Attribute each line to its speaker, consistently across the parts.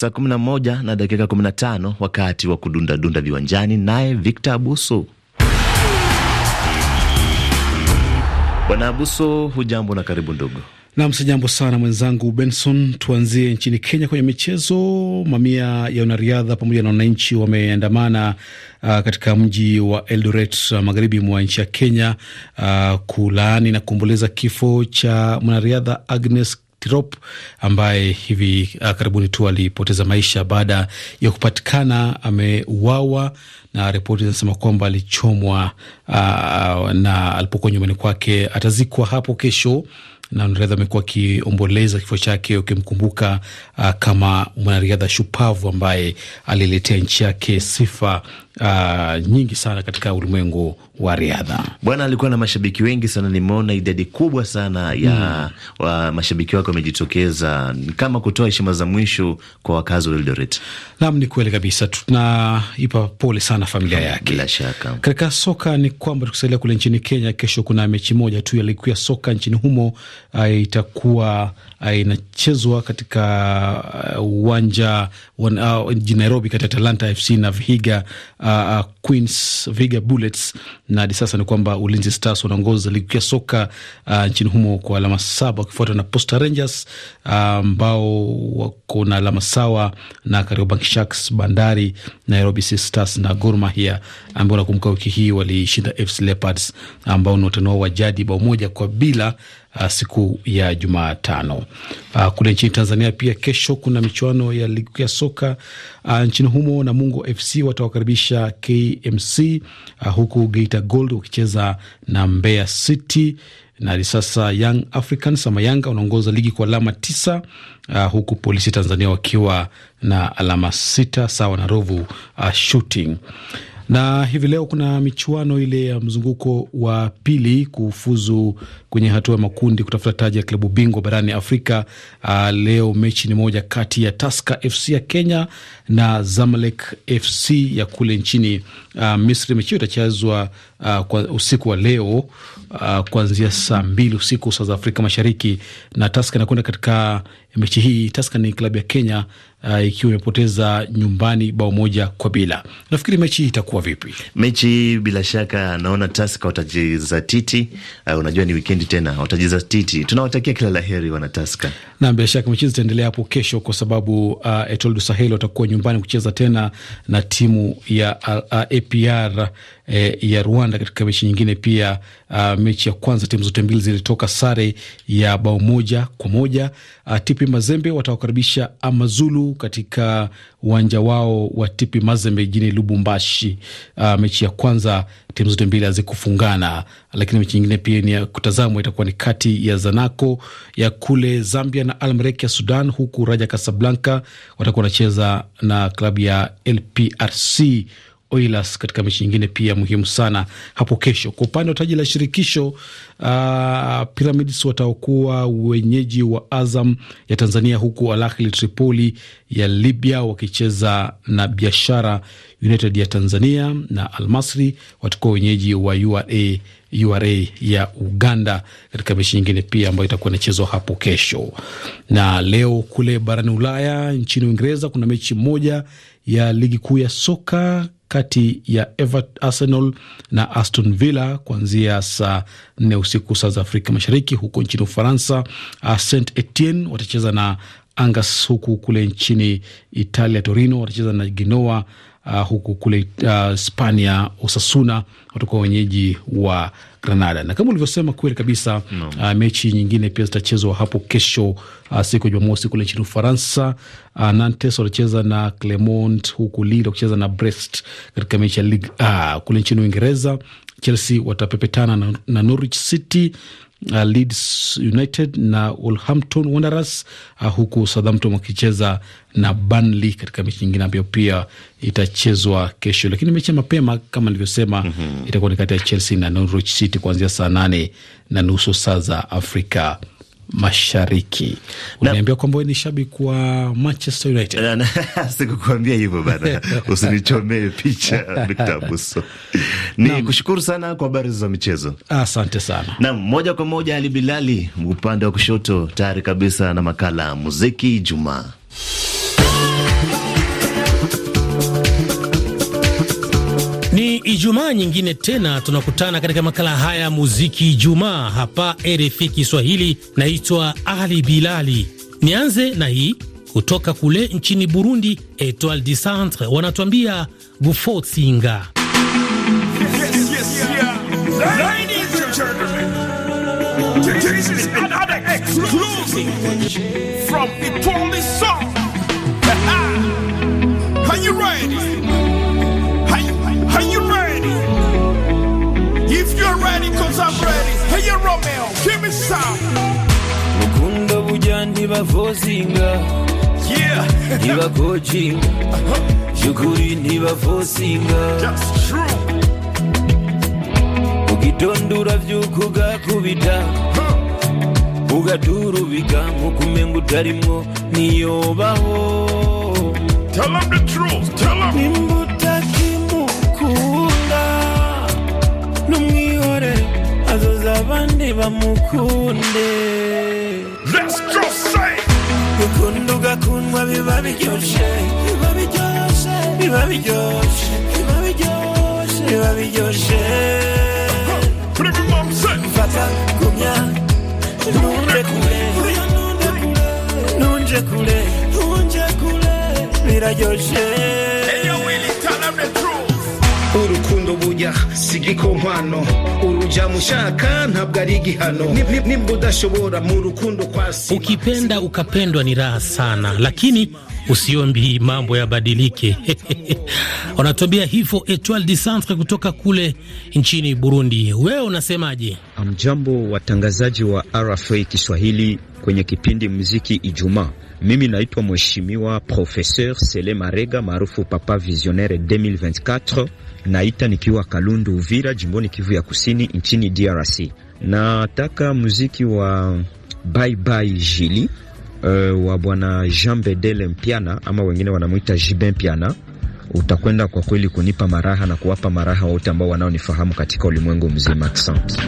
Speaker 1: saa 11 na dakika 15, wakati wa kudundadunda viwanjani, naye Victor Abuso. Bwana Abuso, hujambo na karibu ndugu.
Speaker 2: Nam, sijambo sana mwenzangu Benson. Tuanzie nchini Kenya kwenye michezo. Mamia ya wanariadha pamoja na wananchi wameandamana uh, katika mji wa Eldoret, uh, magharibi mwa nchi ya Kenya, uh, kulaani na kuomboleza kifo cha mwanariadha Agnes Kirop ambaye hivi uh, karibuni tu alipoteza maisha baada ya kupatikana ameuawa, na ripoti zinasema kwamba alichomwa uh, na alipokuwa nyumbani kwake. Atazikwa hapo kesho na wanariadha amekuwa akiomboleza kifo chake, ukimkumbuka uh, kama mwanariadha shupavu ambaye aliletea nchi yake sifa uh, nyingi sana katika ulimwengu wa riadha. Bwana alikuwa na mashabiki wengi sana, nimeona idadi kubwa sana
Speaker 1: ya mm. wa mashabiki wake wamejitokeza kama kutoa heshima za mwisho kwa wakazi
Speaker 2: wa Eldoret. Naam, ni kweli kabisa, tunaipa pole sana familia yake. Bila shaka katika soka ni kwamba tukisalia kule nchini Kenya, kesho kuna mechi moja tu ya ligi ya soka nchini humo uh, itakuwa uh, inachezwa katika uwanja uh, uh, jijini Nairobi kati ya Talanta FC na Vihiga uh, Uh, uh, Queens Viga Bullets, na hadi sasa ni kwamba Ulinzi Stars wanaongoza ligi ya soka uh, nchini humo kwa alama saba wakifuatwa na Posta Rangers uh, ambao uh, wako na alama sawa na Kariobangi Sharks, Bandari, Nairobi City Stars na Gor Mahia ambao nakumbuka wiki hii walishinda FC Leopards ambao ni watani wao wa jadi bao moja kwa bila uh, siku ya Jumatano. Uh, kule nchini Tanzania pia kesho kuna michuano ya ligi ya soka uh, nchini humo na FC watawakaribisha KMC uh, huku Geita Gold wakicheza na Mbeya City na hadi sasa Young Africans ama Yanga wanaongoza ligi kwa alama tisa uh, huku Polisi Tanzania wakiwa na alama sita sawa na Ruvu uh, Shooting. Na hivi leo kuna michuano ile ya mzunguko wa pili kufuzu kwenye hatua ya makundi kutafuta taji ya klabu bingwa barani Afrika. Uh, leo mechi ni moja kati ya Taska FC ya Kenya na Zamalek FC ya kule nchini uh, Misri. Mechi hiyo itachezwa uh, kwa usiku wa leo uh, kuanzia saa mbili usiku saa za Afrika Mashariki, na Taska inakwenda katika mechi hii. Taska ni klabu ya Kenya uh, ikiwa imepoteza nyumbani bao moja kwa bila. Nafikiri mechi hii itakuwa vipi? Mechi hii
Speaker 1: bila shaka naona Taska watajizatiti. Uh, unajua ni wikendi tena, watajizatiti.
Speaker 2: Tunawatakia kila la heri wana Taska na bila shaka mechi zitaendelea hapo kesho, kwa sababu uh, Etoile du Sahel watakuwa nyumbani kucheza tena na timu ya uh, uh APR E, eh, ya Rwanda katika mechi nyingine pia. Uh, mechi ya kwanza timu zote mbili zilitoka sare ya bao moja kwa moja. Uh, TP Mazembe watawakaribisha Amazulu katika uwanja wao wa Tipi Mazembe jijini Lubumbashi. Uh, mechi ya kwanza timu zote mbili hazikufungana, lakini mechi nyingine pia ni ya kutazamwa, itakuwa ni kati ya Zanaco ya kule Zambia na Almerek ya Sudan, huku Raja Kasablanka watakuwa wanacheza na klabu ya LPRC Oilers katika mechi nyingine pia muhimu sana hapo kesho. Kwa upande wa taji la shirikisho uh, Pyramids wataokuwa wenyeji wa Azam ya Tanzania, huku Al Ahly Tripoli ya Libya wakicheza na Biashara United ya Tanzania, na Al Masry watakuwa wenyeji wa URA, URA ya Uganda katika mechi nyingine pia ambayo itakuwa inachezwa hapo kesho. Na leo kule barani Ulaya, nchini Uingereza kuna mechi moja ya ligi kuu ya soka kati ya Everton, Arsenal na Aston Villa kuanzia saa nne usiku saa za Afrika Mashariki. Huko nchini Ufaransa, uh, Saint Etienne watacheza na Angers, huku kule nchini Italia Torino watacheza na Genoa uh, huku kule Hispania uh, Osasuna watakuwa wenyeji wa Granada, na kama ulivyosema kweli kabisa no. Uh, mechi nyingine pia zitachezwa hapo kesho uh, siku ya Jumamosi kule nchini Ufaransa. Uh, Nantes watacheza na Clermont, huku Lille wakicheza na Brest katika mechi ya Ligue 1. Kule nchini Uingereza Chelsea watapepetana na, na Norwich City uh, Leeds United na Wolverhampton Wanderers uh, huku Southampton wakicheza na Burnley katika mechi nyingine ambayo pia itachezwa kesho. Lakini mechi mapema kama nilivyosema, mm -hmm. itakuwa ni kati ya Chelsea na Norwich City kuanzia saa nane na nusu saa za Afrika Mashariki. Uniambia kwamba ni shabiki wa Manchester United. Sikukuambia hivyo bana, usinichomee picha Victor Buso.
Speaker 1: Ni kushukuru sana kwa habari za michezo, asante sana. Naam, moja kwa moja Ali Bilali upande wa kushoto, tayari kabisa na makala muziki Jumaa. Ijumaa nyingine tena tunakutana katika makala haya muziki Ijumaa hapa RFI Kiswahili. Naitwa Ali Bilali. Nianze na hii kutoka kule nchini Burundi, Etoile du Centre wanatuambia Gufotsinga.
Speaker 3: Yes, yes, yeah. If you're ready, cause I'm ready. Hey, Romeo, give me some. Mukunda
Speaker 4: buja ntibafosinga Yeah. ntibakocinga byukuri uh-huh. ntibafosinga
Speaker 3: That's true.
Speaker 4: ugitondura by'uko ugakubita ugaturubiga nk'uko umenga utarimwo niyobaho
Speaker 3: Tell them the truth. Tell them. umwihore azoza abandi bamukunde gukunda ugakundwa biba biryoshe biba biryoshe biba biryoshe biba biryoshe biba biryoshe mfata gumya nunde kure nunje kure nunje kure biraryoshe urukundo kuya
Speaker 2: siga inkompano uruja mushaka ntabwo ari igihano nimba udashobora mu rukundo kwasi ukipenda
Speaker 1: ukapendwa ni raha sana, lakini usiombi mambo yabadilike. wanatuambia hivyo Etoile du Centre kutoka kule nchini Burundi. Wewe unasemaje?
Speaker 2: Mjambo watangazaji wa RFA Kiswahili kwenye kipindi muziki Ijumaa. Mimi naitwa Mheshimiwa Professeur Sele Marega maarufu Papa Visionnaire 2024 naita nikiwa Kalundu, Uvira, jimboni Kivu ya Kusini, nchini DRC. Nataka muziki wa Bye Bye Jili uh, wa bwana Jean Bedele Mpiana ama wengine wanamwita Jibe Mpiana utakwenda kwa kweli kunipa maraha na kuwapa maraha wote ambao wanaonifahamu katika ulimwengu mzima. Asante.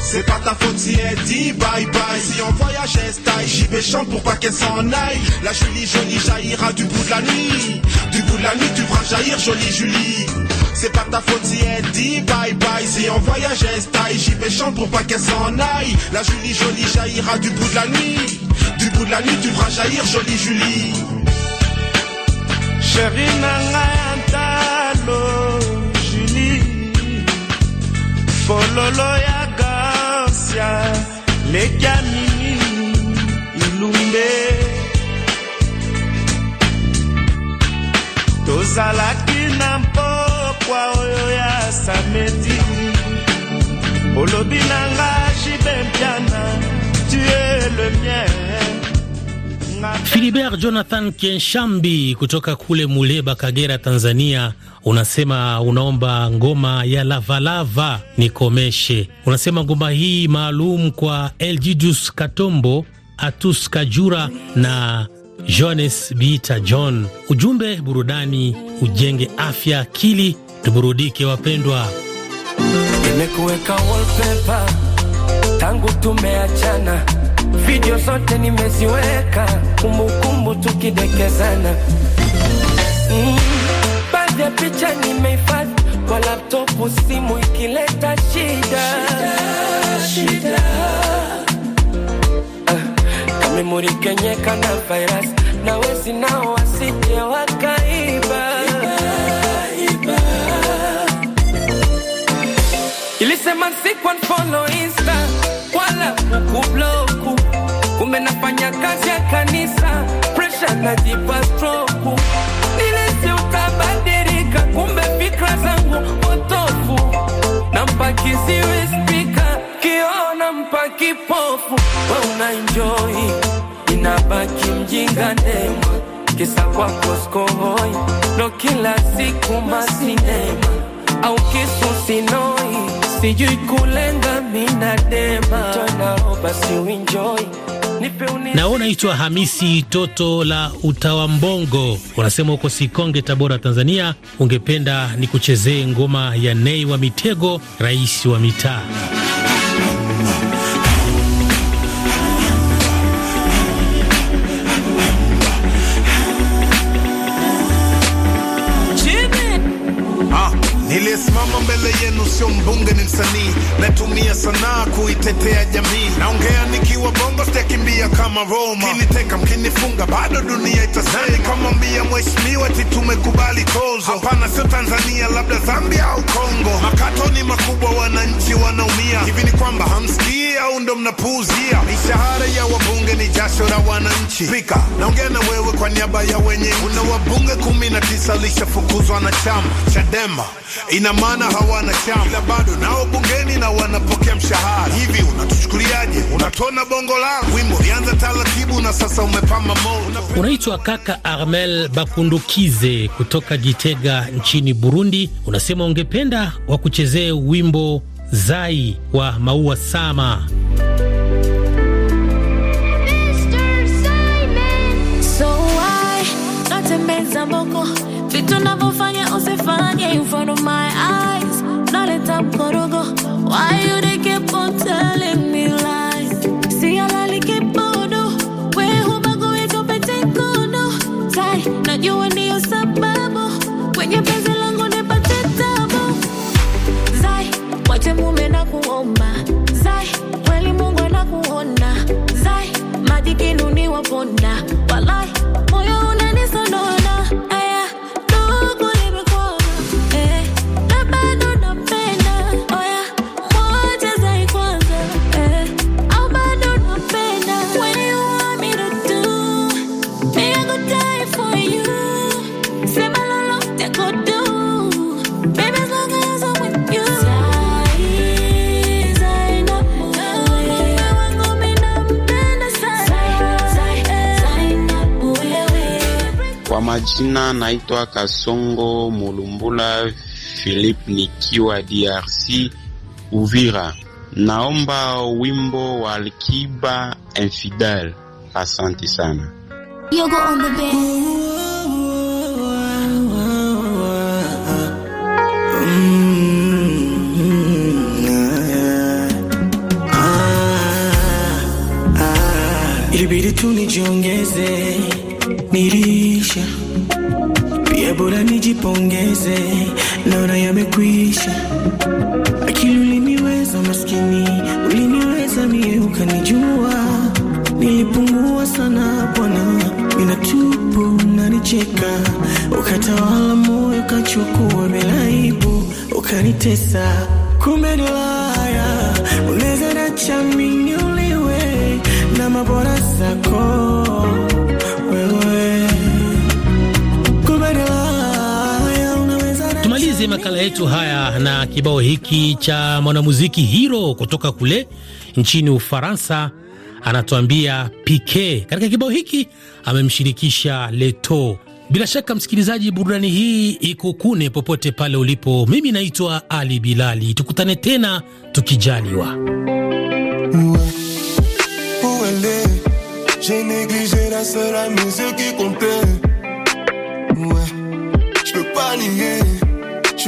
Speaker 2: C'est pas ta faute si elle dit
Speaker 3: bye bye. Si on voyage est j'y vais chante pour pas qu'elle s'en aille. La jolie jolie jaillira du bout de la nuit. Du bout de la nuit, tu verras jaillir jolie jolie. C'est pas ta faute si elle dit bye bye. Si on voyage est j'y vais chante pour pas qu'elle s'en aille. La jolie jolie jaillira du bout de la nuit. Du bout de la nuit, tu feras jaillir, jolie Julie. Chérie Nangayantalo, Julie. Fololo Yagansia, les gamini, ilumbe. tozalaki na Kwa oyo ya samedi olobi lobinanga Jibembiana hein. tu es le mien
Speaker 1: Filibert Jonathan Kienshambi kutoka kule Muleba, Kagera, Tanzania, unasema unaomba ngoma ya Lavalava nikomeshe. Unasema ngoma hii maalum kwa eljidus Katombo, Atus Kajura na Jones Biita John. Ujumbe, burudani ujenge afya akili, tuburudike wapendwa.
Speaker 4: Nimekuweka wallpaper tangu tumeachana video zote nimeziweka, kumbukumbu tukidekezana. Mm, baadhi ya picha nimehifadhi kwa laptopu, simu ikileta shida, shida, shida. Uh, ah, kamemori kenyeka na virus na wezi nao wasije wakaiba iba. Ilisema siku follow Insta wala kukublow kumbe nafanya kazi ya kanisa, presha najipa stroku, nilisi utabadilika, kumbe fikra zangu potofu, nampa kiziwi spika, kiona mpakipofu kipofu, we una enjoy, inabaki mjinga ndema, kisa kwako skohoi, ndo kila siku masinema au kisu sinoi, sijui kulenga minadema, basi uenjoy na unaitwa
Speaker 1: Hamisi Toto la Utawa Mbongo, unasema huko Sikonge, Tabora, Tanzania, ungependa nikuchezee ngoma ya Nei wa Mitego, rais wa mitaa.
Speaker 2: niliyesimama mbele yenu sio mbunge, ni msanii. Natumia sanaa kuitetea jamii, naongea
Speaker 3: nikiwa bongo, kimbia kama Roma. Mkiniteka mkinifunga, bado dunia itasema. Kamwambia mheshimiwa ti tumekubali tozo. Hapana, sio Tanzania, labda Zambia au Kongo. Makato ni makubwa, wananchi wanaumia. Hivi ni kwamba hamsikii au ndo mnapuuzia mishahara ya wa jasho la wananchi. Spika, naongea na wewe kwa niaba ya wenye. Una wabunge kumi na tisa lishafukuzwa na chama Chadema, ina maana hawana chama, ila bado nao bungeni na wanapokea mshahara. Hivi unatuchukuliaje? Unatona bongo la wimbo lianza taratibu na sasa umepama moto.
Speaker 1: Unaitwa kaka Armel Bakundukize kutoka Gitega nchini Burundi, unasema ungependa wakuchezee wimbo zai wa maua sama
Speaker 4: za vitu navyofanya usifanye in front of my eyes, naleta mkorogo. Why you they keep on telling me lies? See I like we huba go kono, tai na jua sababu kwenye penzi langu nipate tabu. Zai, wache mume na kuomba. Zai, kweli Mungu anakuona. Zai, madikinu wapona.
Speaker 2: majina naitwa Kasongo Mulumbula Philip, nikiwa DRC Uvira. Naomba wimbo wa Alkiba Infidel. Asante sana. Yogo on the bed. Mm-hmm.
Speaker 3: Mm-hmm. Ah, ah, ah. Ilibidi tu nijiongeze nilisha pia, bora nijipongeze, naona yamekwisha. Akili uliniweza maskini, uliniweza mie, ukanijua nilipungua sana Bwana, tupu nanicheka ukatawala moyo, ukachukua bila aibu, ukanitesa. Kumbe nilaya unaweza nachaminiuliwe na mabora zako
Speaker 1: tumalize makala yetu haya na kibao hiki cha mwanamuziki Hiro kutoka kule nchini Ufaransa, anatuambia Pike. Katika kibao hiki amemshirikisha Leto. Bila shaka msikilizaji, burudani hii ikukune popote pale ulipo. Mimi naitwa Ali Bilali, tukutane tena tukijaliwa.
Speaker 3: Ouais,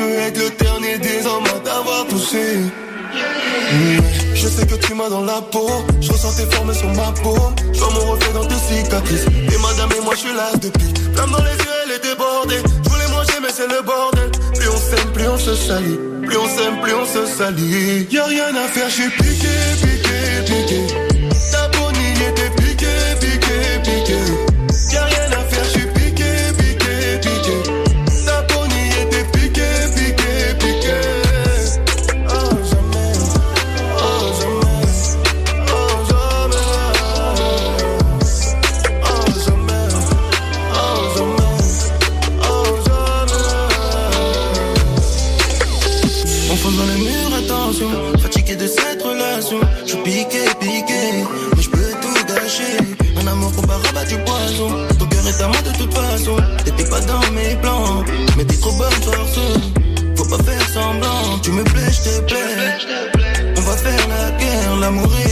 Speaker 3: veux être le dernier des hommes à t'avoir poussé. Je sais que tu m'as dans la peau, je ressens tes formes sur ma peau, je vois mon reflet dans tes cicatrices. Et madame et moi je suis là depuis, flamme dans les yeux elle est débordée. Je voulais manger mais c'est le bordel. Plus on s'aime, plus on se salit, plus on s'aime, plus on se salit. Y'a rien à faire, je piqué, piqué, piqué. On va faire la guerre, la mourir